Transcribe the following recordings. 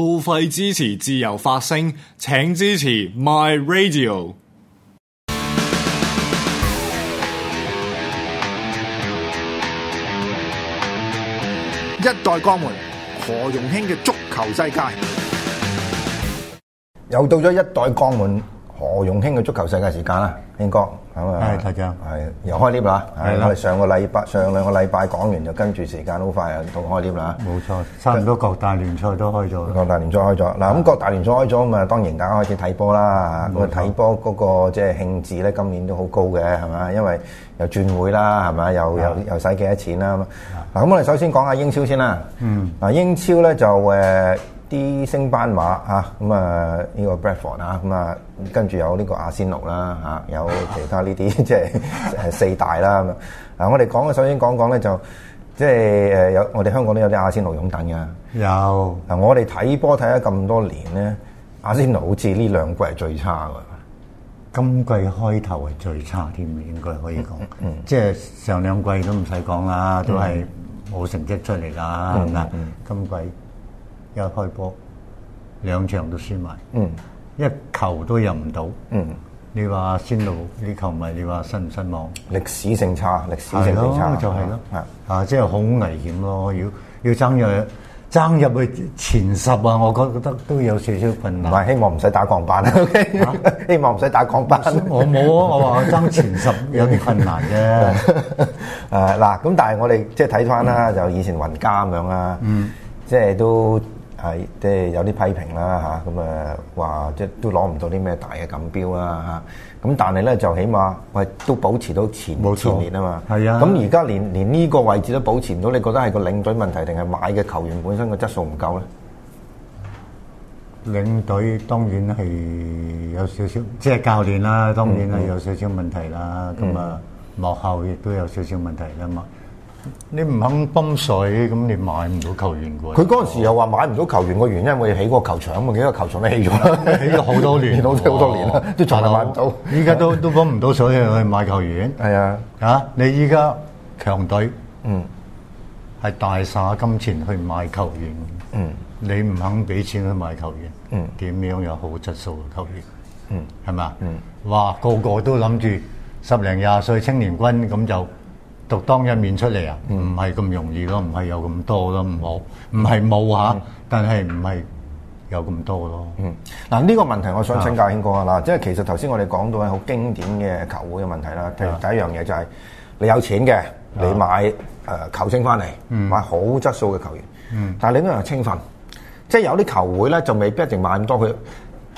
付費支持自由發聲，請支持 My Radio。一代鋼門何容興嘅足球世界，又到咗一代鋼門。何容興嘅足球世界時間啦，興哥咁啊！係大家，係又開 lift 啦！係啦，上個禮拜上兩個禮拜講完，就跟住時間好快又到開 lift 啦！冇錯，差唔多各大聯賽都開咗，各大聯賽開咗嗱，咁各大聯賽開咗咁啊，當然大家開始睇波啦嚇，睇波嗰個即係興致咧，今年都好高嘅係嘛，因為又轉會啦係咪？又又又使幾多錢啦，咁我哋首先講下英超先啦，嗯，嗱英超咧就誒。啲升斑馬嚇，咁啊呢個 Bradford 咁啊跟住有呢個阿仙奴啦嚇，有其他呢啲即係四大啦咁啊。嗱，我哋講嘅，首先講講咧就即係誒有我哋香港都有啲阿仙奴擁躉噶。有嗱，我哋睇波睇咗咁多年咧，阿仙奴好似呢兩季係最差嘅，今季開頭係最差添嘅，應該可以講。嗯、即係上兩季都唔使講啦，都係冇成績出嚟啦，係、嗯嗯、今季。又開波，兩場都輸埋。嗯，一球都入唔到。嗯，你話仙奴呢球迷，你話失唔失望？歷史性差，歷史性差就係咯。啊，啊，即係好危險咯！要要爭入爭入去前十啊！我覺得都有少少困難。唔、嗯、希望唔使打鋼板啊！希望唔使打鋼板麼。我冇啊！我話爭前十有啲困難啫、嗯。啊嗱，咁但係我哋即係睇翻啦，就以前雲加咁樣啦、啊。嗯，即係都。係即係有啲批評啦嚇，咁啊話即都攞唔到啲咩大嘅錦標啦嚇，咁但係咧就起碼喂都保持到前前面啊嘛，咁而家連連呢個位置都保持唔到，你覺得係個領隊問題定係買嘅球員本身個質素唔夠咧？領隊當然係有少少，即係教練啦，當然係有少少問題啦，咁啊幕後亦都有少少問題㗎嘛。你唔肯泵水，咁你買唔到球員嘅。佢嗰時又話買唔到球員個原因，我哋起嗰個球場啊嘛，幾個球場都起咗， 起咗好多年，都好 多年啦哇，都仲都買唔到。依家都都泵唔到水去買球員。係 是啊，啊，你依家強隊，嗯，係大灑金錢去買球員。嗯，你唔肯俾錢去買球員，嗯，點樣有好質素嘅球員？嗯，係咪？嗯，哇，個個都諗住十零廿歲青年軍咁就。獨當一面出嚟啊！唔係咁容易咯，唔係有咁多咯，唔好，唔係冇吓，但係唔係有咁多咯。嗱呢、嗯這個問題，我想請教興哥啊嗱，即係其實頭先我哋講到係好經典嘅球會嘅問題啦。譬如第一樣嘢就係你有錢嘅，啊、你買誒、呃、球星翻嚟，嗯、買好質素嘅球員。嗯、但係你都要有青訓，即係有啲球會咧就未必一定買咁多佢，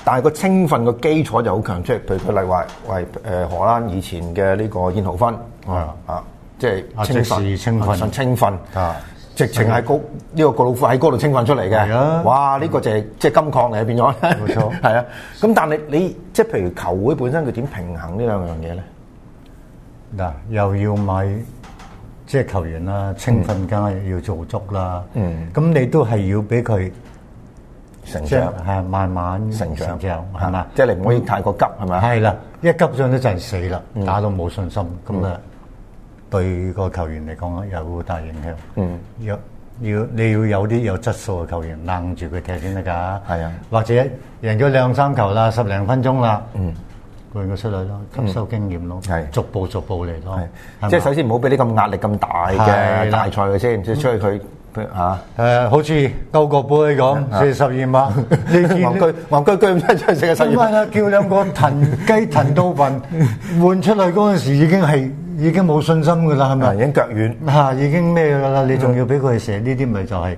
但係個青訓嘅基礎就好強出嚟。譬如佢例話，喂、呃、誒荷蘭以前嘅呢個燕豪芬啊啊～、嗯嗯嗯即係青訓，青訓，青訓，直情係高呢個個老虎喺嗰度青訓出嚟嘅。哇！呢個就係即係金礦嚟，變咗。冇錯，係啊。咁但係你即係譬如球會本身佢點平衡呢兩樣嘢咧？嗱，又要買即係球員啦，青訓梗係要做足啦。嗯，咁你都係要俾佢成長，係慢慢成長之後，係嘛？即係你唔可以太過急，係嘛？係啦，一急上咗就死啦，打到冇信心咁啊！對個球員嚟講有好大影響，要要你要有啲有質素嘅球員掹住佢踢先得㗎。係啊，或者贏咗兩三球啦，十零分鐘啦，換佢出嚟咯，吸收經驗咯，逐步逐步嚟咯。即係首先唔好俾啲咁壓力咁大嘅大賽嘅先，即係出去佢嚇誒，好似歐國杯咁，四十二碼，戇居戇居居真係真係成日使。唔係啊，叫兩個騰雞騰到笨，換出嚟嗰陣時已經係。已經冇信心噶啦，係咪？已經腳軟嚇，已經咩噶啦？你仲要俾佢寫呢啲，咪就係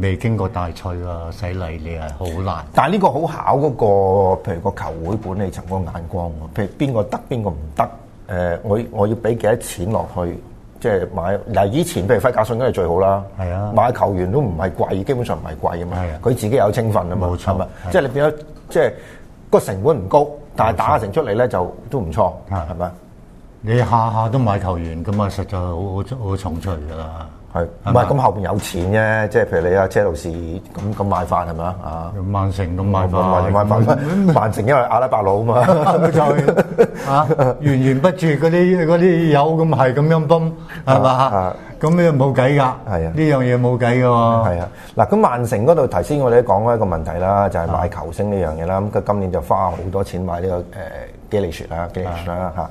未經過大賽嘅洗禮，你係好難。但係呢個好考嗰個，譬如個球會管理層個眼光喎。譬如邊個得，邊個唔得？誒，我我要俾幾多錢落去，即係買嗱。以前譬如費格遜梗係最好啦，係啊，買球員都唔係貴，基本上唔係貴啊嘛。佢自己有青訓啊嘛，係咪？即係你變咗，即係個成本唔高，但係打成出嚟咧就都唔錯，係咪？你下下都買球員，咁啊實在好好好重財㗎啦。係唔係咁後邊有錢啫？即係譬如你阿車路士咁咁買法係咪啊？啊，萬城咁買法，萬城因為阿拉伯佬啊嘛，就啊源源不絕嗰啲嗰啲油咁係咁樣泵係嘛？啊，咁咧冇計㗎。係啊，呢樣嘢冇計㗎喎。啊，嗱咁萬城嗰度，頭先我哋都講過一個問題啦，就係買球星呢樣嘢啦。咁佢今年就花好多錢買呢個誒基利殊啦，基利殊啦嚇。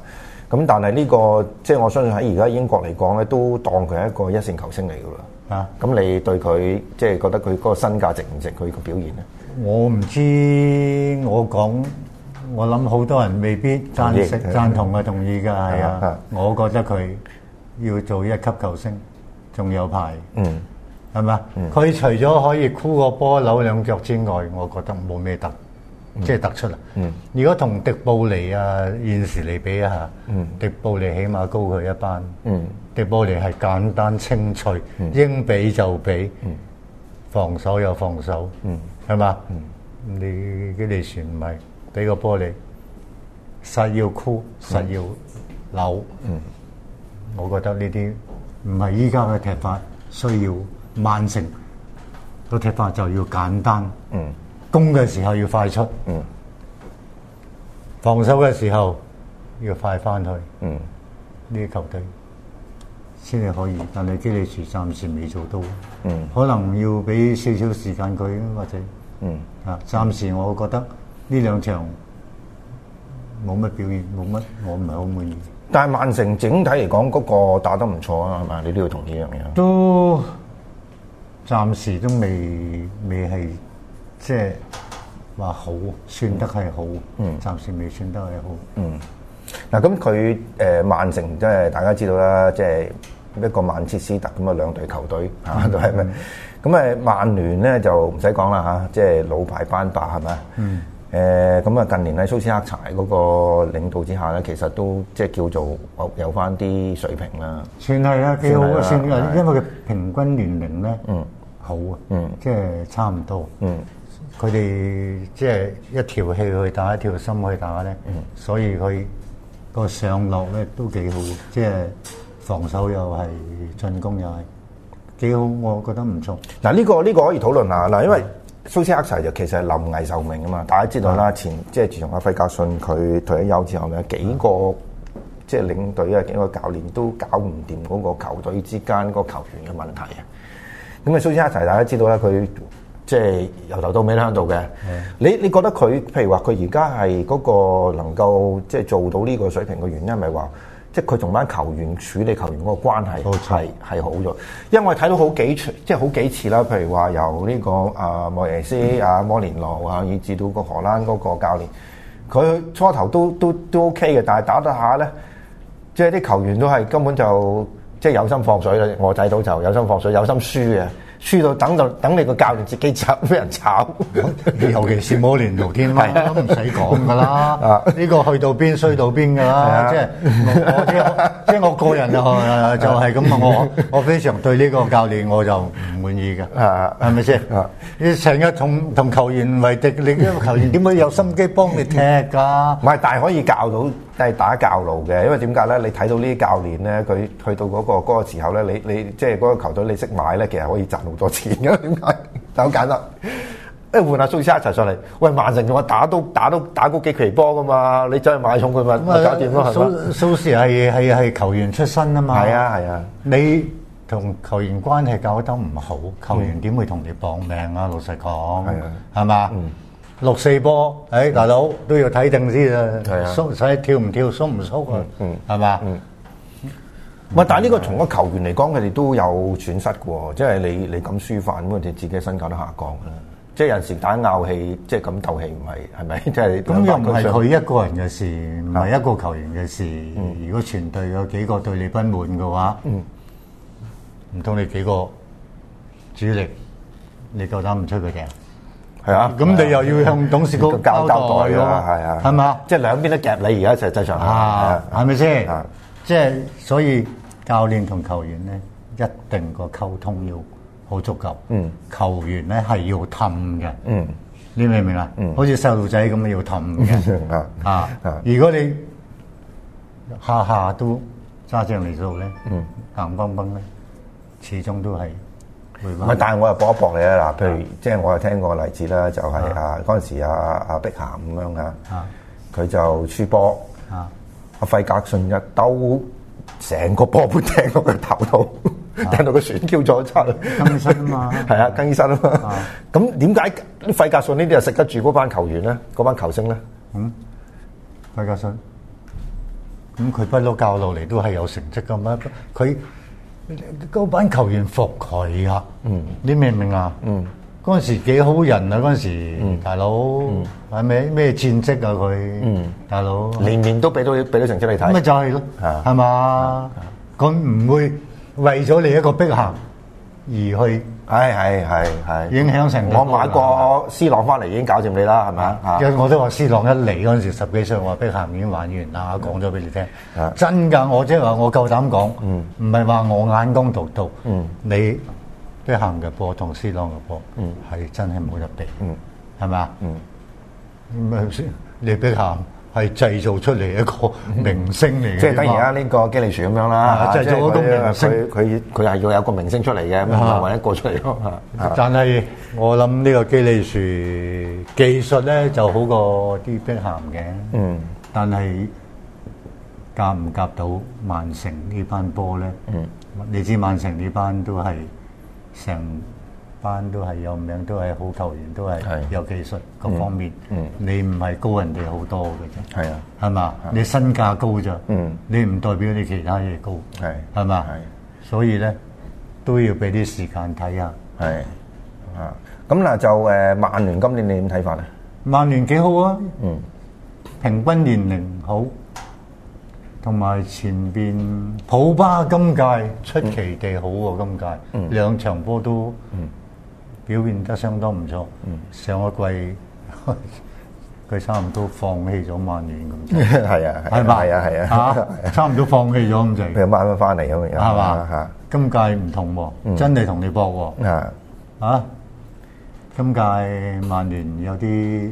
咁但係、這、呢個即係我相信喺而家英國嚟講咧，都當佢係一個一線球星嚟噶啦。啊，咁你對佢即係覺得佢嗰個身價值唔值佢個表現咧？我唔知，我講我諗好多人未必贊成、贊同啊、同意噶，係啊。我覺得佢要做一級球星，仲有排。嗯，係咪啊？佢、嗯、除咗可以箍個波扭兩腳之外，我覺得冇咩特。即係突出啦！如果同迪布尼啊現時嚟比一下，迪布尼起碼高佢一班。迪布尼係簡單清脆，應比就比，防守又防守，係嘛？你基利船迷俾個玻璃，實要箍，實要扭。我覺得呢啲唔係依家嘅踢法，需要曼城個踢法就要簡單。攻嘅時候要快出，防守嘅時候要快翻去，呢啲球隊先至可以。但係基利殊暫時未做到，可能要俾少少時間佢，或者啊，暫時我覺得呢兩場冇乜表現，冇乜，我唔係好滿意。但係曼城整體嚟講，嗰個打得唔錯啊，係嘛？你都要同意樣嘢啊。都暫時都未未係。即係話好，算得係好，暫時未算得係好。嗯，嗱咁佢誒曼城，即係大家知道啦，即係一個曼徹斯特咁嘅兩隊球隊嚇，都係咩？咁誒曼聯咧就唔使講啦嚇，即係老牌班霸係咪？嗯。誒咁啊，近年喺蘇斯克柴嗰個領導之下咧，其實都即係叫做有翻啲水平啦。算係啊，幾好嘅算，因為佢平均年齡咧，嗯，好啊，嗯，即係差唔多，嗯。佢哋即係一條氣去打，一條心去打咧，嗯、所以佢個上落咧都幾好，即、就、係、是、防守又係，進攻又係幾好，我覺得唔錯。嗱、這個，呢個呢個可以討論下嗱，嗯、因為蘇斯克齊就其實臨危受命啊嘛，大家知道啦、嗯，前即係自從阿費格遜佢退咗休之後咧，幾個、嗯、即係領隊啊，幾個教練都搞唔掂嗰個球隊之間個球員嘅問題啊。咁啊，蘇斯克齊大家知道啦，佢。即係由頭到尾響度嘅，Yeah. 你你覺得佢譬如話佢而家係嗰個能夠即係做到呢個水平嘅原因，咪話即係佢同班球員處理球員嗰個關係係 Okay. 係好咗。因為睇到好幾即係好幾次啦，譬如話由呢個啊莫耶斯啊、摩連奴啊，以至到個荷蘭嗰個教練，佢初頭都都都，都 OK 嘅，但係打得下咧，即係啲球員都係根本就即係有心放水，我睇到就有心放水，有心輸嘅。輸到等就等你個教練自己炒，俾人炒。 尤其是摩連奴天威都唔使講噶啦，呢個去到邊衰到邊噶啦。即係即係我個人就就係咁，我我非常對呢個教練我就唔滿意噶 吧。係咪先？你成日同同球員為敵，另一個球員點會有心機幫你踢噶？唔係大可以教到。即係打教路嘅，因為點解咧？你睇到呢啲教練咧，佢去到嗰、嗰個、嗰個時候咧，你你即係嗰個球隊你識買咧，其實可以賺好多錢嘅。點解？就好簡單，因為換下蘇斯一齊上嚟，喂，曼城同我打都打都打過幾期波噶嘛，你走去買重佢咪搞掂咯？係咪蘇？吧蘇斯係球員出身啊嘛。係啊係啊，啊你同球員關係搞得唔好，球員點會同你搏命啊？老實講，係、嗯、啊，係嘛吧？嗯六四波，誒大佬都要睇定先啦！係啊，縮使跳唔跳，縮唔縮啊？係嘛？唔係，但係呢個從個球員嚟講，佢哋都有損失嘅喎。即係你你咁輸法咁，佢哋自己身價都下降啦。即係有時打拗氣，即係咁鬥氣，唔係係咪？咁又唔係佢一個人嘅事，唔係一個球員嘅事。如果全隊有幾個對你不滿嘅話，唔通你幾個主力你夠膽唔出佢嘅？係啊，咁 你又要向董事局 交代啦，係啊，係嘛， 即係兩邊都夾你而家實際上下，係咪先？即係所以教練同球員咧，一定個溝通要好足夠。嗯，球員咧係要氹嘅。嗯，你明唔明、嗯嗯、 啊？好似細路仔咁啊，要氹嘅。啊如果你下下都揸正嚟做咧，嗯，硬崩崩咧，始終都係。 唔係，但係我又搏一搏你啦。嗱，譬如即係我又聽過個例子啦，就係、是、啊嗰陣時啊啊碧咸咁樣噶，佢就輸波，阿費格遜一兜成個波盤踢落佢頭度，跌到佢損叫咗出，更生啊嘛，係、 嗯、啊，更生啊嘛。咁點解啲費格遜呢啲又食得住嗰班球員咧？嗰班球星咧？嗯，費格遜，咁佢畢孬教落嚟都係有成績噶嘛，佢。高班球員服佢啊！嗯、你明唔明啊？嗰陣、嗯、時幾好人啊！嗰陣時，嗯、大佬係咪咩戰績啊？佢、嗯、大佬年年、嗯、都俾到俾到成績你睇，咪就係咯，係嘛？佢唔會為咗你一個碧咸而去。係係係係，哎哎哎哎、影響成我買個 C 朗翻嚟已經搞掂你啦，係咪啊？因為我都話 C 朗一嚟嗰陣時十幾歲，我話碧鹹已經玩完啦，講咗俾你聽，嗯、真㗎！我即係話我夠膽講，唔係話我眼光獨到，嗯、你碧鹹嘅波同 C 朗嘅波，係真係冇得比，係咪啊？咁係咪先？嗯、你碧鹹？係製造出嚟一個明星嚟，嘅、嗯，即係等而家呢個基利殊咁樣啦。啊啊、製造個明星，佢佢佢係要有一個明星出嚟嘅，唔係為一個出嚟咯。啊啊、但係我諗呢個基利殊技術咧就好過啲碧鹹嘅。B、嗯，但係夾唔夾到曼城呢班波咧？嗯，你知曼城呢班都係成。班都係有名，都係好球員，都係有技術各方面。你唔係高人哋好多嘅啫，係啊，係嘛？你身價高啫，你唔代表你其他嘢高，係係嘛？係，所以咧都要俾啲時間睇下。係啊，咁嗱就誒，曼聯今年你點睇法啊？曼聯幾好啊？嗯，平均年齡好，同埋前邊普巴今屆出奇地好喎，今屆兩場波都。表現得相當唔錯，嗯。上個季佢差唔多放棄咗曼聯，咁就係啊，係嘛？啊，係啊，差唔多放棄咗咁，就佢又買翻翻嚟咁樣，係嘛、 uh, 啊？嚇、啊，哈哈今屆唔同喎，真係同你搏喎。啊，是啊，啊，今屆曼聯有啲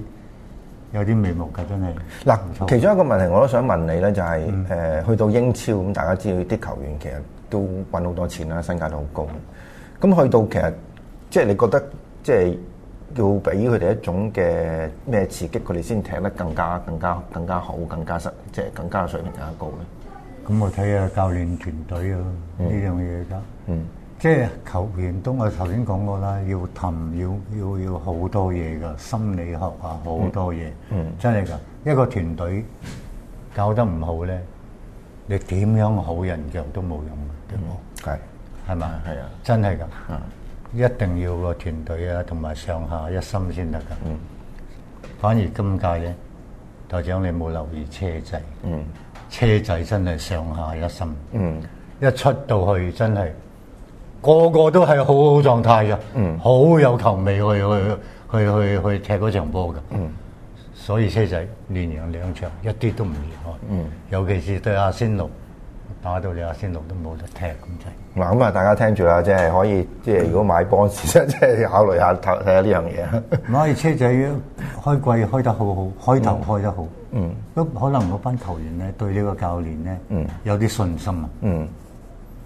有啲眉目㗎，真係嗱。其中一個問題我都想問你咧，就係誒去到英超咁，大家知道啲球員其實都揾好多錢啦，身價都好高。咁、mm、去到其實。即係你覺得，即係要俾佢哋一種嘅咩刺激，佢哋先踢得更加、更加、更加好、更加實，即係更加水平更加高咧。咁我睇下教練團隊啊，呢樣嘢噶。嗯。即係球員都我頭先講過啦，要氹要要要好多嘢噶，心理學啊好多嘢。嗯。真係噶，一個團隊教得唔好咧，你點樣好人腳都冇用嘅喎。係。係嘛？係啊。真係㗎。啊。一定要個團隊啊，同埋上下一心先得噶。嗯、反而今屆咧，台長你冇留意車仔，嗯、車仔真係上下一心，嗯、一出到去真係個個都係好好狀態噶，好、嗯、有球味去、嗯、去去去去踢嗰場波噶。嗯、所以車仔連贏兩場，一啲都唔意外。嗯、尤其是對阿仙奴。打到你阿仙奴都冇得踢咁滯，嗱咁啊大家聽住啦，即係可以，即係如果買波，其實即係考慮下睇下呢樣嘢。唔可以，車仔開季開得好好，開頭開得好。嗯，咁可能嗰班球員咧對呢個教練咧，有啲信心啊。嗯，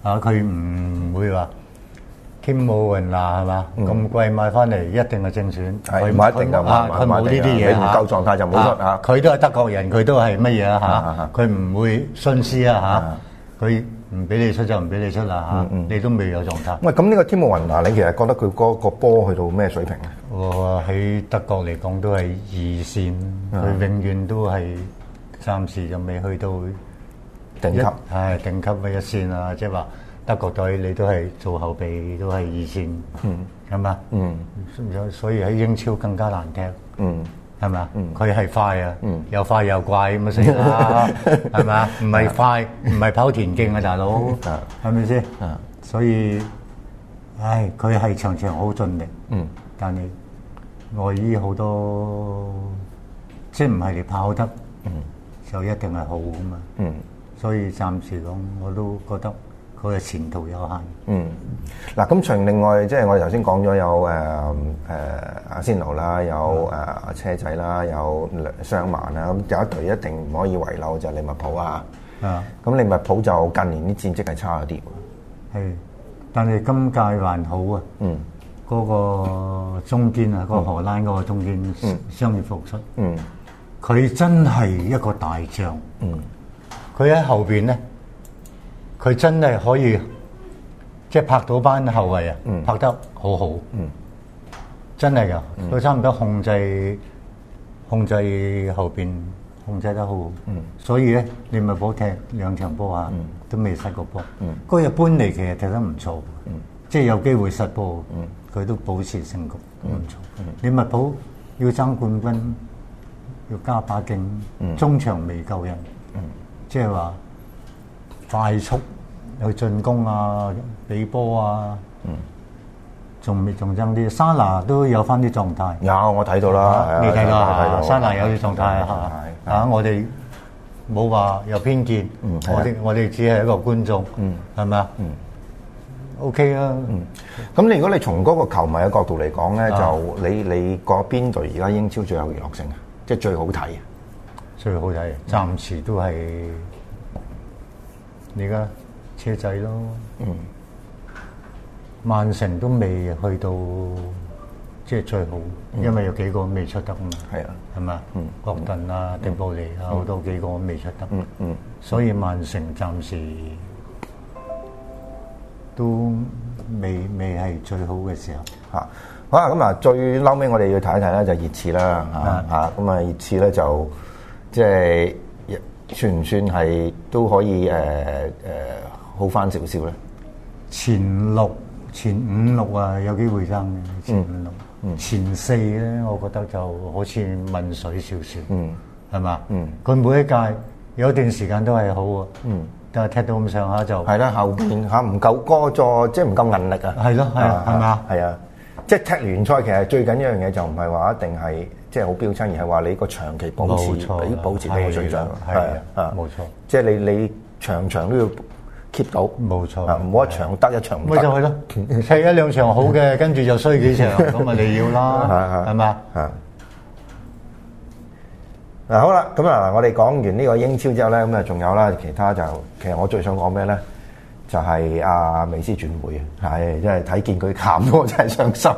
啊佢唔會話 team 冇人啦，係嘛？咁貴買翻嚟一定係正選，佢唔一定就買。佢冇呢啲嘢，唔夠狀態就冇得嚇。佢都係德國人，佢都係乜嘢啊？嚇，佢唔會徇私啊嚇。佢唔俾你出就唔俾你出啦嚇，啊嗯、你都未有狀態。喂，咁呢個天慕雲嗱，你其實覺得佢嗰個波去到咩水平咧？我喺、哦、德國嚟講都係二線，佢、嗯、永遠都係暫時就未去到頂級，係頂、哎、級嘅一線啊！即係話德國隊你都係做後備都係二線，係嘛？嗯。吧嗯，所以喺英超更加難踢。嗯。係咪啊？佢係、嗯、快啊，嗯、又快又怪，咪死啦！係咪啊？唔係快，唔係 跑田徑啊，大佬 吧，係咪先？所以，唉，佢係場場好盡力，嗯，但係外依好多即係唔係你跑得，嗯，就一定係好噶嘛，嗯，所以暫時講，我都覺得。佢嘅前途有限。嗯，嗱，咁除另外，即係我頭先講咗有誒誒阿仙奴啦，有誒車仔啦，有雙曼啦，咁有一隊一定唔可以遺漏就係利物浦啊。啊，咁利物浦就近年啲戰績係差咗啲。係，但係今屆還好啊。嗯，嗰個中堅啊，個荷蘭嗰個中堅，嗯，傷癒復出，嗯，佢真係一個大將。嗯，佢喺後邊咧。佢真係可以，即係拍到班後衞啊，拍得好好，真係噶，佢差唔多控制控制後邊，控制得好好。所以咧利物浦踢兩場波啊，都未失過波。嗰日搬嚟其實踢得唔錯，即係有機會失波，佢都保持勝局，唔錯。利物浦要爭冠軍，要加把勁，中場未夠人，即係話快速。有進攻啊，俾波啊，嗯，仲未仲有啲沙拿都有返啲狀態。有我睇到啦，未睇到沙拿有啲狀態啊。啊，我哋冇話有偏見，我哋我哋只係一個觀眾，嗯，係咪啊？嗯，OK 啦。嗯，咁你如果你從嗰個球迷嘅角度嚟講咧，就你你個邊隊而家英超最有娛樂性嘅？即係最好睇，最好睇。暫時都係你而家。車仔咯，曼、嗯、城都未去到即係最好，因為有幾個未出得啊，係啊，係嘛，國盾啊、迪布尼啊，好、嗯、多幾個未出得，嗯，嗯，所以曼城暫時都未未係最好嘅時候。嚇，好啊，咁啊，最嬲屘我哋要睇一睇啦，就熱刺啦，嚇嚇，咁啊，啊啊，熱刺咧就即係算唔算係都可以誒誒？呃呃呃好翻少少咧，前六前五六啊，有機會爭嘅。前五六，前四咧，我覺得就好似問水少少，嗯，係嘛？嗯，佢每一屆有一段時間都係好喎，嗯，但係踢到咁上下就係啦。後邊嚇唔夠歌咗，即係唔夠韌力啊。係咯，係啊，係嘛？係啊，即係踢聯賽，其實最緊要一樣嘢就唔係話一定係即係好標青，而係話你個長期保持，俾保持呢個最長，係啊，冇錯。即係你你場場都要。keep 到冇錯啊，冇、嗯、一場得、嗯、一場，咪就係咯，踢 一兩場好嘅，跟住就衰幾場，咁咪你要啦，係嘛 吧？嗱好啦，咁、嗯、啊、嗯，我哋講完呢個英超之後咧，咁啊仲有啦，其他就是、其實我最想講咩咧，就係、是、阿、啊、美斯轉會啊，係、嗯，真係睇見佢喊，我真係傷心。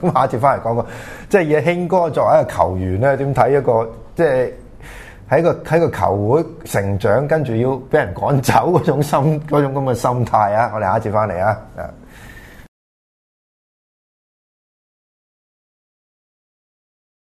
咁 下一節翻嚟講個，即係興哥作為一個球員咧，點睇一個即係。就是喺個喺個球會成長，跟住要俾人趕走嗰種心嗰種咁嘅心態啊！我哋下一節翻嚟啊！啊、yeah.～